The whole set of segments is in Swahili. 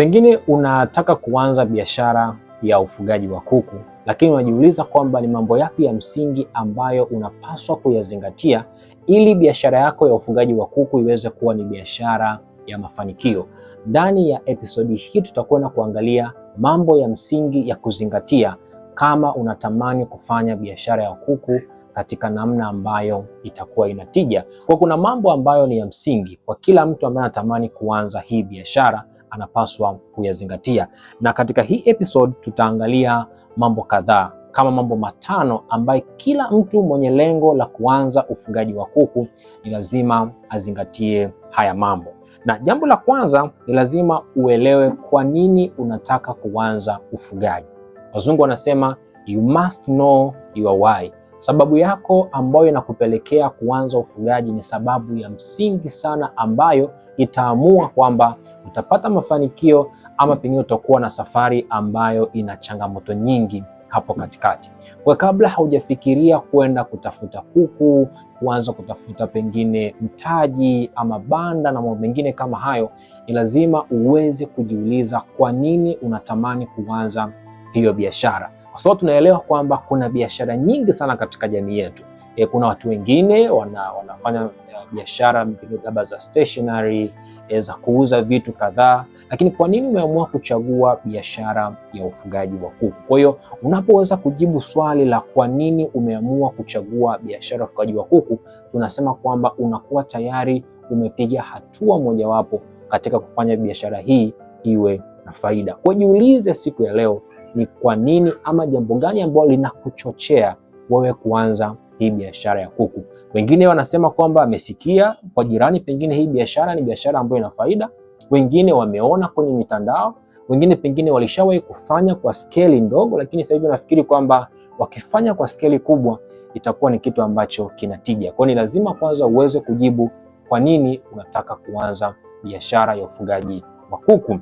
Pengine unataka kuanza biashara ya ufugaji wa kuku, lakini unajiuliza kwamba ni mambo yapi ya msingi ambayo unapaswa kuyazingatia ili biashara yako ya ufugaji wa kuku iweze kuwa ni biashara ya mafanikio. Ndani ya episodi hii tutakwenda kuangalia mambo ya msingi ya kuzingatia kama unatamani kufanya biashara ya kuku katika namna ambayo itakuwa inatija. Kwa kuna mambo ambayo ni ya msingi kwa kila mtu ambaye anatamani kuanza hii biashara anapaswa kuyazingatia. Na katika hii episode tutaangalia mambo kadhaa kama mambo matano ambayo kila mtu mwenye lengo la kuanza ufugaji wa kuku ni lazima azingatie haya mambo. Na jambo la kwanza ni lazima uelewe kwa nini unataka kuanza ufugaji. Wazungu wanasema you must know your why. Sababu yako ambayo inakupelekea kuanza ufugaji ni sababu ya msingi sana ambayo itaamua kwamba utapata mafanikio ama pengine utakuwa na safari ambayo ina changamoto nyingi hapo katikati. Kwa kabla haujafikiria kwenda kutafuta kuku, kuanza kutafuta pengine mtaji ama banda na mambo mengine kama hayo, ni lazima uweze kujiuliza kwa nini unatamani kuanza hiyo biashara kwa sababu tunaelewa kwamba kuna biashara nyingi sana katika jamii yetu. E, kuna watu wengine wana, wanafanya e, biashara labda za stationery e, za kuuza vitu kadhaa, lakini kwa nini umeamua kuchagua biashara ya ufugaji wa kuku? Kwa hiyo unapoweza kujibu swali la kwa nini umeamua kuchagua biashara ya ufugaji wa kuku, tunasema kwamba unakuwa tayari umepiga hatua mojawapo katika kufanya biashara hii iwe na faida. Kwa jiulize siku ya leo ni kwa nini ama jambo gani ambalo linakuchochea wewe kuanza hii biashara ya kuku. Wengine wanasema kwamba amesikia kwa jirani, pengine hii biashara ni biashara ambayo ina faida, wengine wameona kwenye mitandao, wengine pengine walishawahi kufanya kwa skeli ndogo, lakini sasa hivi wanafikiri kwamba wakifanya kwa skeli kubwa itakuwa ni kitu ambacho kinatija. Kwa ni lazima kwanza uweze kujibu kwa nini unataka kuanza biashara ya ufugaji wa kuku.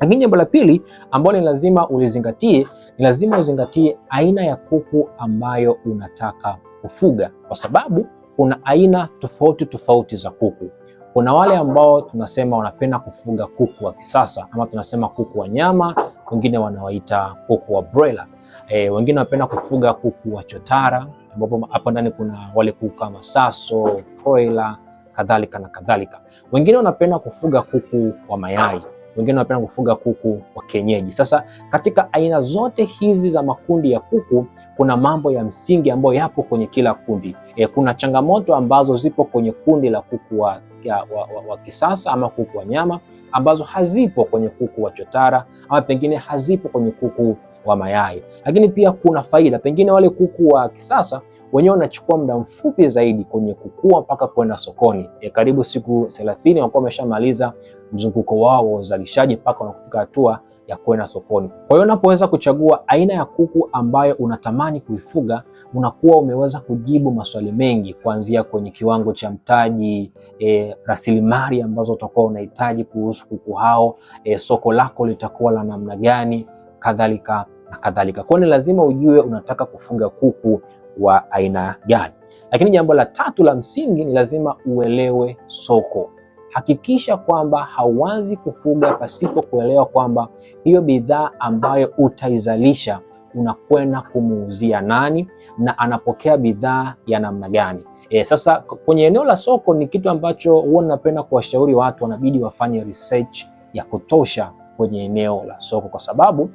Lakini jambo la pili ambalo ni lazima ulizingatie, ni lazima uzingatie aina ya kuku ambayo unataka kufuga, kwa sababu kuna aina tofauti tofauti za kuku. Kuna wale ambao tunasema wanapenda kufuga kuku wa kisasa ama tunasema kuku wa nyama, wengine wanawaita kuku wa broiler. E, wengine wanapenda kufuga kuku wa chotara, ambapo hapo ndani kuna wale kuku kama saso, broiler kadhalika na kadhalika. Wengine wanapenda kufuga kuku wa mayai wengine wanapenda kufuga kuku wa kienyeji. Sasa katika aina zote hizi za makundi ya kuku kuna mambo ya msingi ambayo yapo kwenye kila kundi. E, kuna changamoto ambazo zipo kwenye kundi la kuku wa, ya, wa, wa, wa kisasa ama kuku wa nyama ambazo hazipo kwenye kuku wa chotara ama pengine hazipo kwenye kuku wa mayai. Lakini pia kuna faida, pengine wale kuku wa kisasa wenyewe wanachukua muda mfupi zaidi kwenye kukua mpaka kwenda sokoni. E, karibu siku 30 wanakuwa wameshamaliza mzunguko wao wa uzalishaji mpaka wanakufika hatua ya kwenda sokoni. Kwa hiyo unapoweza kuchagua aina ya kuku ambayo unatamani kuifuga, unakuwa umeweza kujibu maswali mengi, kuanzia kwenye kiwango cha mtaji, e, rasilimali ambazo utakuwa unahitaji kuhusu kuku hao, e, soko lako litakuwa la namna gani? kadhalika na kadhalika. Kwa ni lazima ujue unataka kufuga kuku wa aina gani. Lakini jambo la tatu la msingi ni lazima uelewe soko. Hakikisha kwamba hauanzi kufuga pasipo kuelewa kwamba hiyo bidhaa ambayo utaizalisha unakwenda kumuuzia nani na anapokea bidhaa ya namna gani. E, sasa kwenye eneo la soko ni kitu ambacho huwa napenda kuwashauri watu, wanabidi wafanye research ya kutosha kwenye eneo la soko, kwa sababu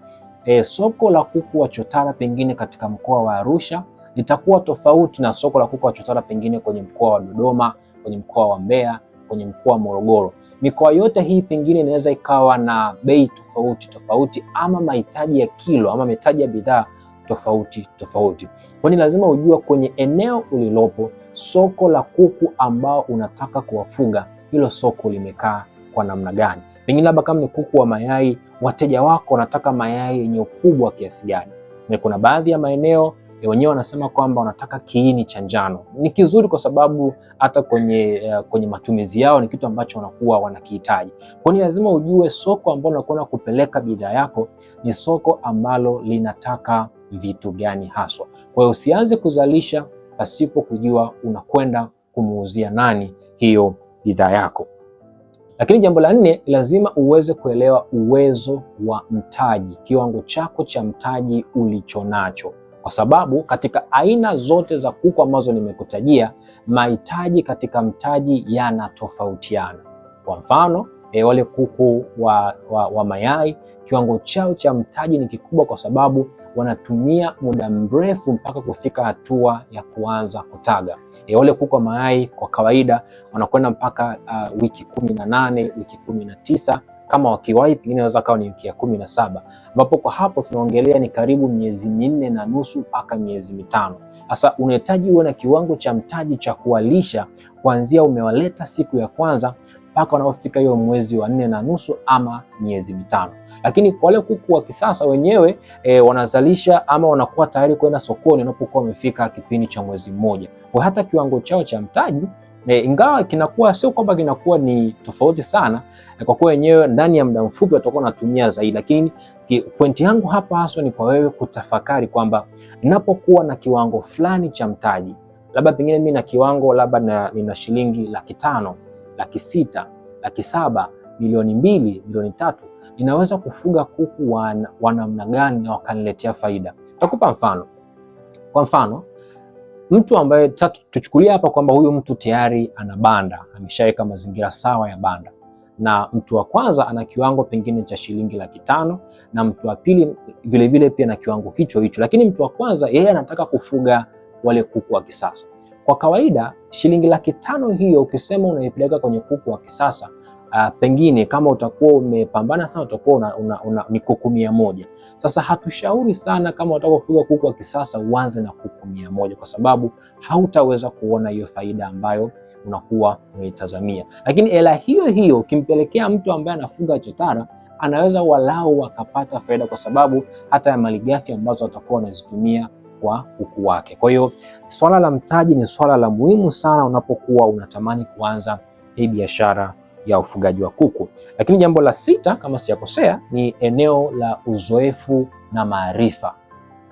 e, soko la kuku wa chotara pengine katika mkoa wa Arusha litakuwa tofauti na soko la kuku wa chotara pengine kwenye mkoa wa Dodoma, kwenye mkoa wa Mbeya, kwenye mkoa wa Morogoro. Mikoa yote hii pengine inaweza ikawa na bei tofauti tofauti, ama mahitaji ya kilo ama mahitaji ya bidhaa tofauti tofauti. Kwa ni lazima ujua kwenye eneo ulilopo soko la kuku ambao unataka kuwafuga hilo soko limekaa kwa namna gani. Pengine labda kama ni kuku wa mayai, wateja wako wanataka mayai yenye ukubwa kiasi gani? Na kuna baadhi ya maeneo eh, wenyewe wanasema kwamba wanataka kiini cha njano. Ni kizuri kwa sababu hata kwenye, uh, kwenye matumizi yao ni kitu ambacho wanakuwa wanakihitaji. Kwa hiyo lazima ujue soko ambalo unakwenda kupeleka bidhaa yako ni soko ambalo linataka vitu gani haswa. Kwa hiyo usianze kuzalisha pasipo kujua unakwenda kumuuzia nani hiyo bidhaa yako. Lakini jambo la nne, lazima uweze kuelewa uwezo wa mtaji, kiwango chako cha mtaji ulichonacho, kwa sababu katika aina zote za kuku ambazo nimekutajia, mahitaji katika mtaji yanatofautiana. Kwa mfano e, wale kuku wa, wa, wa mayai, kiwango chao cha mtaji ni kikubwa, kwa sababu wanatumia muda mrefu mpaka kufika hatua ya kuanza kutaga. E, wale kuku wa mayai kwa kawaida wanakwenda mpaka uh, wiki kumi na nane wiki kumi na tisa kama wakiwahi pengine inaweza kawa ni wiki ya kumi na saba ambapo kwa hapo tunaongelea ni karibu miezi minne na nusu mpaka miezi mitano. Sasa unahitaji uwe na kiwango cha mtaji cha kuwalisha kuanzia umewaleta siku ya kwanza mpaka wanaofika hiyo mwezi wa nne na nusu ama miezi mitano. Lakini kwa wale kuku wa kisasa wenyewe e, wanazalisha ama wanakuwa tayari kwenda sokoni wanapokuwa wamefika kipindi cha mwezi mmoja, kwa hata kiwango chao cha mtaji E, ingawa kinakuwa sio kwamba kinakuwa ni tofauti sana e, kwa kuwa wenyewe ndani ya muda mfupi watakuwa wanatumia zaidi, lakini pointi yangu hapa haswa ni kwa wewe kutafakari kwamba ninapokuwa na kiwango fulani cha mtaji, labda pengine mimi na kiwango labda nina shilingi laki tano laki sita, laki saba, milioni mbili, milioni tatu, ninaweza kufuga kuku wa namna gani na wakaniletea faida? Takupa mfano. Kwa mfano mtu ambaye tuchukulia hapa kwamba huyu mtu tayari ana banda, ameshaweka mazingira sawa ya banda, na mtu wa kwanza ana kiwango pengine cha shilingi laki tano na mtu wa pili vilevile pia na kiwango hicho hicho, lakini mtu wa kwanza yeye anataka kufuga wale kuku wa kisasa. Kwa kawaida shilingi laki tano hiyo ukisema unaipeleka kwenye kuku wa kisasa Uh, pengine kama utakuwa umepambana sana utakuwa una, una, una, ni kuku mia moja. Sasa hatushauri sana kama unataka kufuga kuku wa kisasa uanze na kuku mia moja kwa sababu hautaweza kuona hiyo faida ambayo unakuwa unaitazamia. Lakini hela hiyo hiyo ukimpelekea mtu ambaye anafuga chotara anaweza walau wakapata faida, kwa sababu hata ya malighafi ambazo watakuwa wanazitumia kwa kuku wake. Kwa hiyo swala la mtaji ni swala la muhimu sana unapokuwa unatamani kuanza hii biashara ya ufugaji wa kuku. Lakini jambo la sita, kama sijakosea, ni eneo la uzoefu na maarifa.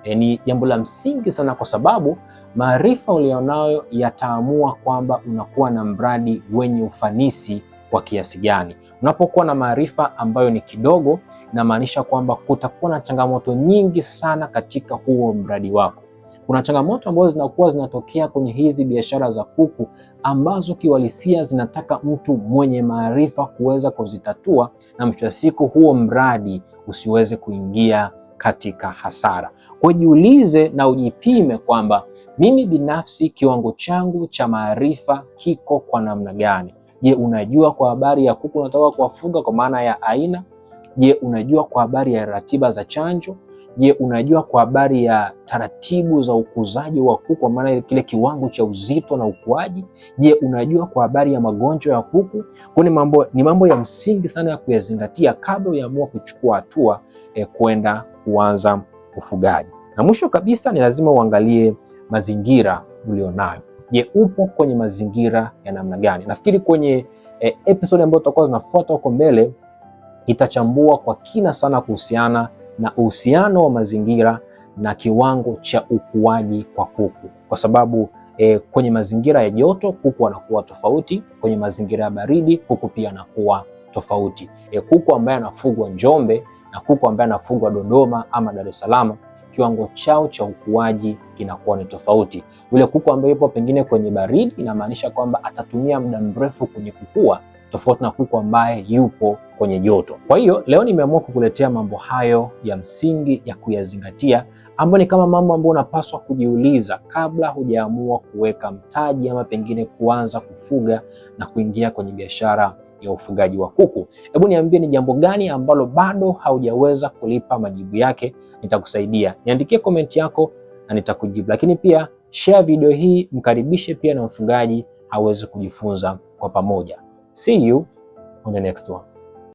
E, ni jambo la msingi sana kwa sababu maarifa ulionayo yataamua kwamba unakuwa na mradi wenye ufanisi wa kiasi gani. Unapokuwa na maarifa ambayo ni kidogo, inamaanisha kwamba kutakuwa na changamoto nyingi sana katika huo mradi wako. Kuna changamoto ambazo zinakuwa zinatokea kwenye hizi biashara za kuku ambazo kiwalisia zinataka mtu mwenye maarifa kuweza kuzitatua, na mwisho wa siku huo mradi usiweze kuingia katika hasara. Kwa jiulize na ujipime kwamba mimi binafsi kiwango changu cha maarifa kiko kwa namna gani? Je, unajua kwa habari ya kuku unataka kuwafuga kwa maana ya aina? Je, unajua kwa habari ya ratiba za chanjo? Je, unajua kwa habari ya taratibu za ukuzaji wa kuku, kwa maana kile kiwango cha uzito na ukuaji? Je, unajua kwa habari ya magonjwa ya kuku? Kwa ni mambo, ni mambo ya msingi sana ya kuyazingatia kabla uyaamua kuchukua hatua eh, kwenda kuanza ufugaji. Na mwisho kabisa ni lazima uangalie mazingira ulionayo. Je, upo kwenye mazingira ya namna gani? Nafikiri kwenye eh, episode ambayo tutakuwa zinafuata huko mbele itachambua kwa kina sana kuhusiana na uhusiano wa mazingira na kiwango cha ukuaji kwa kuku, kwa sababu e, kwenye mazingira ya joto kuku anakuwa tofauti, kwenye mazingira ya baridi kuku pia anakuwa tofauti. E, kuku ambaye anafugwa Njombe na kuku ambaye anafugwa Dodoma ama Dar es Salaam kiwango chao cha ukuaji kinakuwa ni tofauti. Yule kuku ambaye yupo pengine kwenye baridi, inamaanisha kwamba atatumia muda mrefu kwenye kukua tofauti na kuku ambaye yupo kwenye joto. Kwa hiyo leo nimeamua kukuletea mambo hayo ya msingi ya kuyazingatia ambayo ni kama mambo ambayo unapaswa kujiuliza kabla hujaamua kuweka mtaji ama pengine kuanza kufuga na kuingia kwenye biashara ya ufugaji wa kuku. Hebu niambie ni jambo gani ambalo bado haujaweza kulipa majibu yake, nitakusaidia. Niandikie komenti yako na nitakujibu. Lakini pia share video hii, mkaribishe pia na mfugaji aweze kujifunza kwa pamoja. See you on the next one.